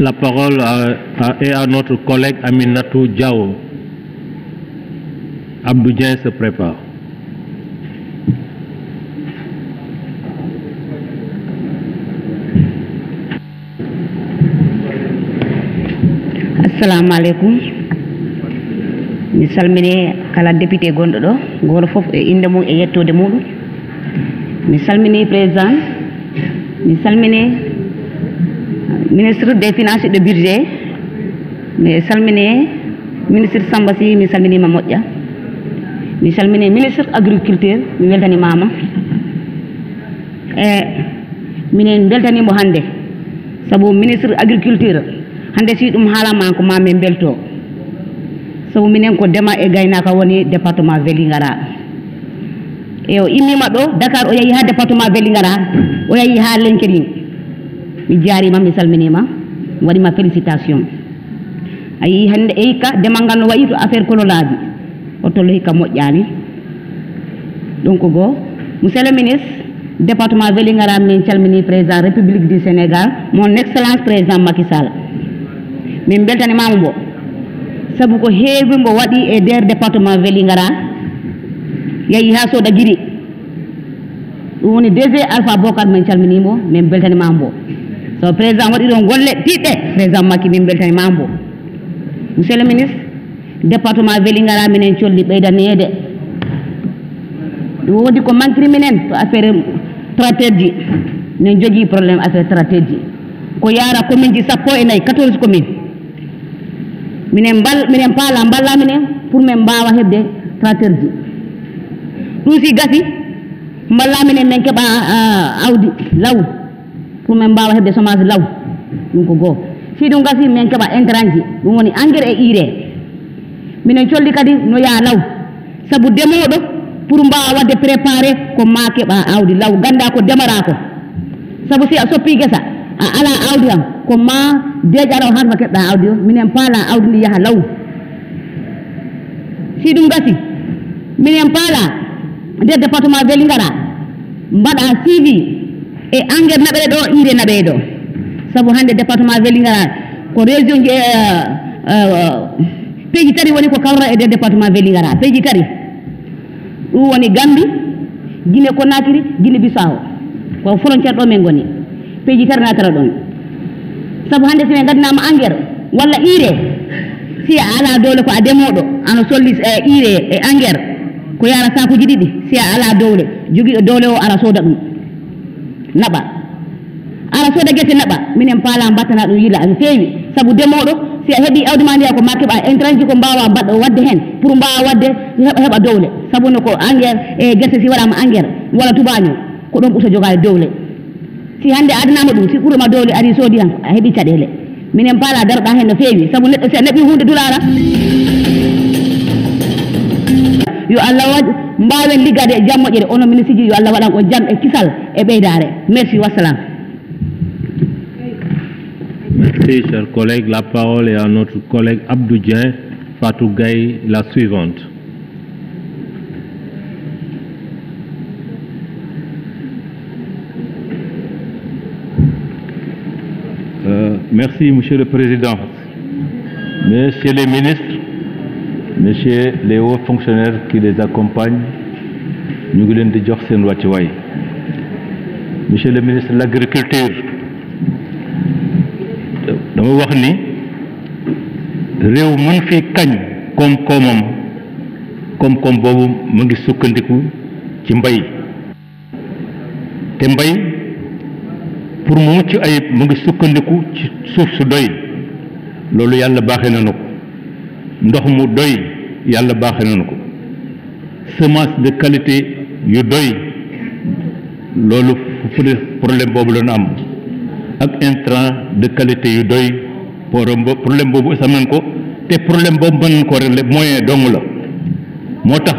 la parole est à, à, à notre collègue Aminatou Diao. Abdoudien se prépare. assalamu aleykum mi salmini kala député gonɗo ɗo goto fof e inde mum e yettode muɗum mi salmini président mi salmini ministre des finances de budget mi salmini ministre samba si mi salminima moƴƴa mi salmini ministre agriculture mi weltanimama e minen beltanimo hannde sabu ministre agriculture hannde si ɗum haalama ko ma min belto minen ko ndema e gaynaka woni département velingara e o immima ɗo dakar o yeehi ha département velingara o yeehi ha lenkerin mi jaarima mi salminima mi waɗima félicitation ayi hannde e hikka demal ngal no wayi to affaire kololaaji o tollo hikka moƴƴaani donc goo monsieur le ministre département welingaram min calmini président république du sénégal mon excellence président makisal min beltanimama mbo saabu ko heewi mbo waɗi e nder département welingara yeehi ha sooda guiri ɗum woni dg alpha bocar min calminimo min beltanimama mbo so président waɗi ɗon golle piɗɗe président makki min beltani ma mbo monsieur le ministre département welingara minen colli ɓeydaneede woodi ko manquiri minen to affaire traiteur ji min jogii probléme affaire ko yaara commune sappo e nayi quatorze commune minen mbal mballa minen pour min mbawa heɓde traiteur ji gasi mballa minen min keɓa ah, awdi law pour min mbawa hebde law ɗum e ko goho si ɗum gasi min keɓa intrant ji woni engrais e urée minen colli kadi no yaa law sabu ndemoɗo pour mbawa wadde préparé ko ma keɓa awdi law ganda ko ndemara ko sabu si a soppi guesa a ala awdi han ko ma deeƴaraw awdi minen paala awdi ndi yaaha law si ɗum gasi minen paala nde département weeli ngara mbaɗa suivi e engrais maɓɓe ɗe ɗo ire naɓe ɗo saabu hannde département velingara ko région euh, euh, ji peeji woni ko kawra e nder département velingara peeji tati ɗum woni gambi guine konakiri guine bisawo ko frontiére ɗo min goni peeji tati natara ɗon saabu hannde somin gaddinama engrais walla ire si a ala dowle ko a ndemoɗo ana solli e, ire e engrais ko yara sakuji ɗiɗi si a ala dowle jogui dowle o ara sooda ɗum naɓa ara sooda gese naɓa minen paala mbattana ɗum yiila no feewi sabu ndemoɗo si a heeɓi awdi ma ndiya ko ma keɓa intérêt e ko mbawa mbaɗɗo wadde hen pour mbawa wadde heɓa no ko engrais e gese si waɗama engrais walla tubaño ko ɗon ɓuurta jogade dowle si hannde a adnama ɗum si ɓuuroma dowle ari soodi han a heeɓi caɗele minen paala darɗa hen no feewi sabu neɗɗo si a naɓi hunde dulara yo allah mbawen liggade e jam moƴƴere onon mine siji yo allah waɗan on jaam e kisal e ɓeydare merci wassalam Merci, euh, Monsieur le Président. Messieurs les ministres, monsieur les hauts fonctionnaires qui les accompagnent ñu ngi leen di jox seen wàcc waay monsieur le ministre de l'agriculture dama wax ni réew mën fi kañ koom-koomam koom-koom boobu mu ngi sukkandiku ci mbay te mbay pour mu mucc ayib mu ngi sukkandiku ci suuf su doy loolu yàlla baaxee nañu ko ndox mu doy yàlla baax nañu ko semence de qualité yu doy loolu problème boobu la ñu am ak intrant de qualité yu doy problème boobu sam nañ ko te problème boobu mën ko régler moyen dong la moo tax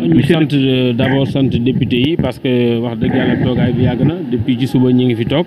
ñu sant euh, d'abord sant député yi parce que wax dëgg yàlla toogaay bi yàgg na depuis ci suba ñi ngi fi toog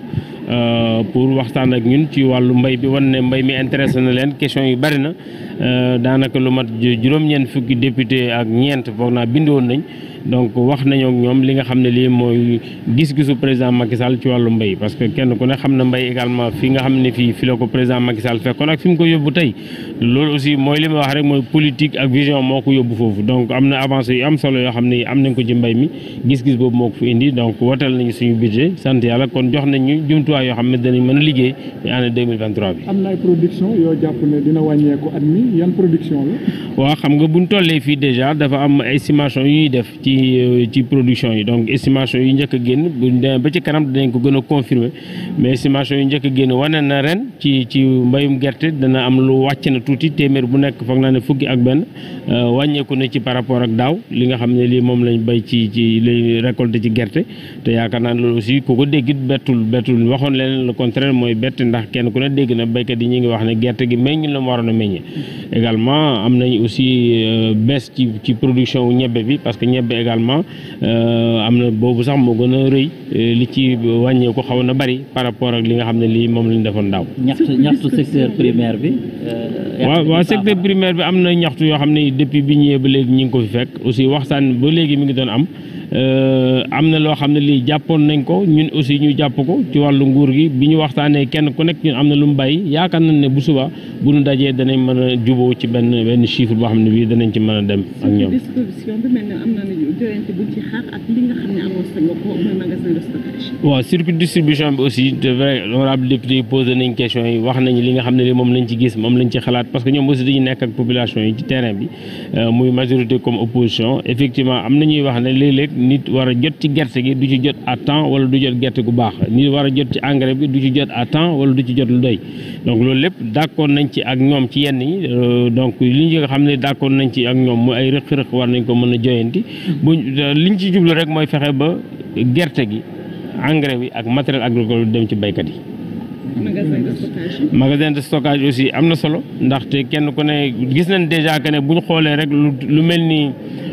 euh, pour waxtaan ak ñun ci wàllu mbay bi wan ne mbay mi intéressé na leen question yu bari na Euh, daanaka lu mat juróom-ñeent fukki député ak ñeent foog naa bindoon nañ donc wax nañoo ñoom li nga xam ne li mooy gis-gisu président Macky ci wàllu mbay parce que kenn ku ne xam na mbéy également fi nga xam ne fii fi la ko président Macky Sall fekkoon ak fi mu ko yóbbu tey loolu aussi mooy li ma wax rek mooy politique ak vision moo ko yóbbu foofu donc am na avancé yu am solo yoo xam ne am nañ ko ci mbéy mi gis-gis boobu moo ko fi indi donc watal nañu suñu budget sant yàlla kon jox nañ ñu jumtuwaay yoo xam ne danañ mën a liggéey ci année 2023 bi. am bi yan production xam nga bu ñu tollee fii déjà dafa am estimation yu ñuy def ci euh, ci production yi donc estimation yu njëkk a génn bu ñu demee ba ci kanam dañ ko gën a confirmer mais estimation yu njëkk a génn wane na ren ci ci mbayum gerte dana am lu wàcc na tuuti téeméer bu nekk foog naa ne fukki ak benn euh, wàññeeku na ci par rapport ak daaw li nga xam ne lii moom lañ bay ci ci lañ récolté ci gerte te yaakaar naa ne loolu aussi ku ko déggit bettul bettul waxoon leneen le contraire mooy bett ndax kenn ku ne dégg na béykat yi ñu ngi wax ne gerte gi meññ la mu waroon a meññee également am nañ aussi euh, baisse ci ci production wu ñebbe bi parce que ñebbe également euh, am na boobu sax moo gën a rëy euh, li ci wàññeeku xaw na bari par rapport ak li nga xam ne lii moom lañ defoon daaw. ñaxtu ñaxtu secteur primaire bi. waaw waaw secteur primaire bi am na ñaxtu yoo xam ne depuis bi ñëwee ba léegi ñu ngi ko fi fekk aussi waxtaan ba léegi mi ngi doon am. Euh, am na loo xam ne lii jàppoon nañ ko ñun aussi ñu jàpp ko ci wàllu nguur gi bi ñu waxtaanee kenn ku nekk ñun am na lu mu bàyyi yaakaar nañ ne bu suba bu ñu dajee danañ mën a juboo ci benn benn chiffre boo xam ne bii danañ ci mën a dem ak ñoom. waaw circuit distribution bi aussi de vrai honorable député posé nañ question yi wax nañ li nga xam ne li moom lañ ci gis moom lañ ci xalaat parce que ñoom aussi dañu nekk ak population yi ci terrain bi euh, muy majorité comme opposition effectivement am na nit war a jot ci gerte gi du ci jot à temps wala du jot gerte gu baax nit war a jot ci engrais bi du ci jot à temps du ci jot lu doy donc loolu lépp d'accord nañ ci ak ñoom ci euh, rëq-rëq war nañ ko mën a joyanti bu euh, liñ ci jublu rek mooy fexe ba gerte gi engrais bi ak matériel agricole bi dem ci baykat yi magasin de stockage aussi am na solo ndaxte kenn ku ne gis nañ déjà que ne buñ xoolee rek lu mel ni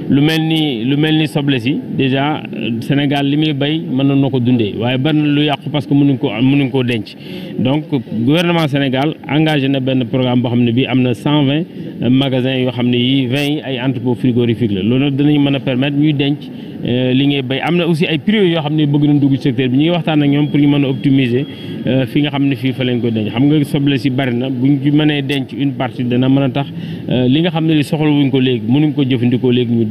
lu mel ni lu mel ni soble si déjà Sénégal li muy bay mën na ko dundee waaye bari lu yàqu parce que mënuñ ko mënuñ koo denc donc gouvernement Sénégal engage na benn programme boo xam ne bii am na cent vingt euh, magasins yoo xam ne yi vingt yi ay entrepôt frigorifique la loolu dinañ mën a permettre ñuy denc euh, li ngay bay am na aussi ay prix yoo xam ne bëgg nañ dugg ci secteur bi ñu ngi waxtaan ak ñoom pour ñu mën a optimiser euh, fi nga xam ne fii fa lañ ko denc xam nga soble si bari na buñ ci mënee denc une partie dana mën a tax li nga xam ne li ko léegi mënuñ ko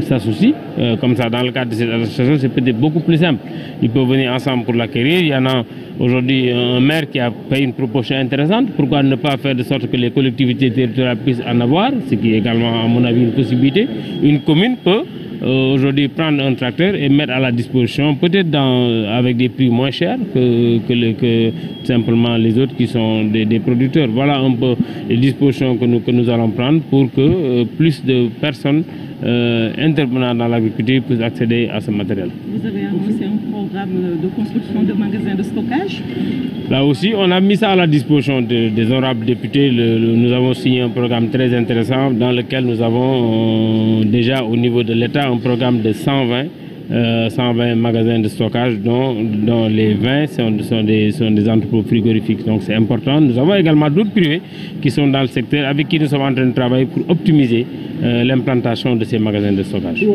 s'associent. Euh, comme ça, dans le cadre de cette association, c'est peut-être beaucoup plus simple. Ils peuvent venir ensemble pour l'acquérir. Il y en a aujourd'hui un maire qui a fait une proposition intéressante. Pourquoi ne pas faire de sorte que les collectivités territoriales puissent en avoir, ce qui est également, euh, aujourd'hui prendre un tracteur et mettre à la disposition, peut-être avec des prix moins chers que, simplement les autres qui sont des, des, producteurs. Voilà un peu pour que euh, plus de personnes Euh, intervenant dans l'agriculture puissent accéder à ce matériel. Vous avez annoncé un programme de construction de magasins de stockage Là aussi, on a mis ça à la disposition de, des honorables députés. Le, le, nous avons signé un programme très intéressant dans lequel nous avons euh, déjà au niveau de l'État un programme de 120 120 euh, magasins de stockage dont, dont les 20 sont, sont, des, sont des entrepôts frigorifiques. Donc c'est important. Nous avons également d'autres privés qui sont dans le secteur avec qui nous sommes en train de travailler pour optimiser euh, l'implantation de ces magasins de stockage.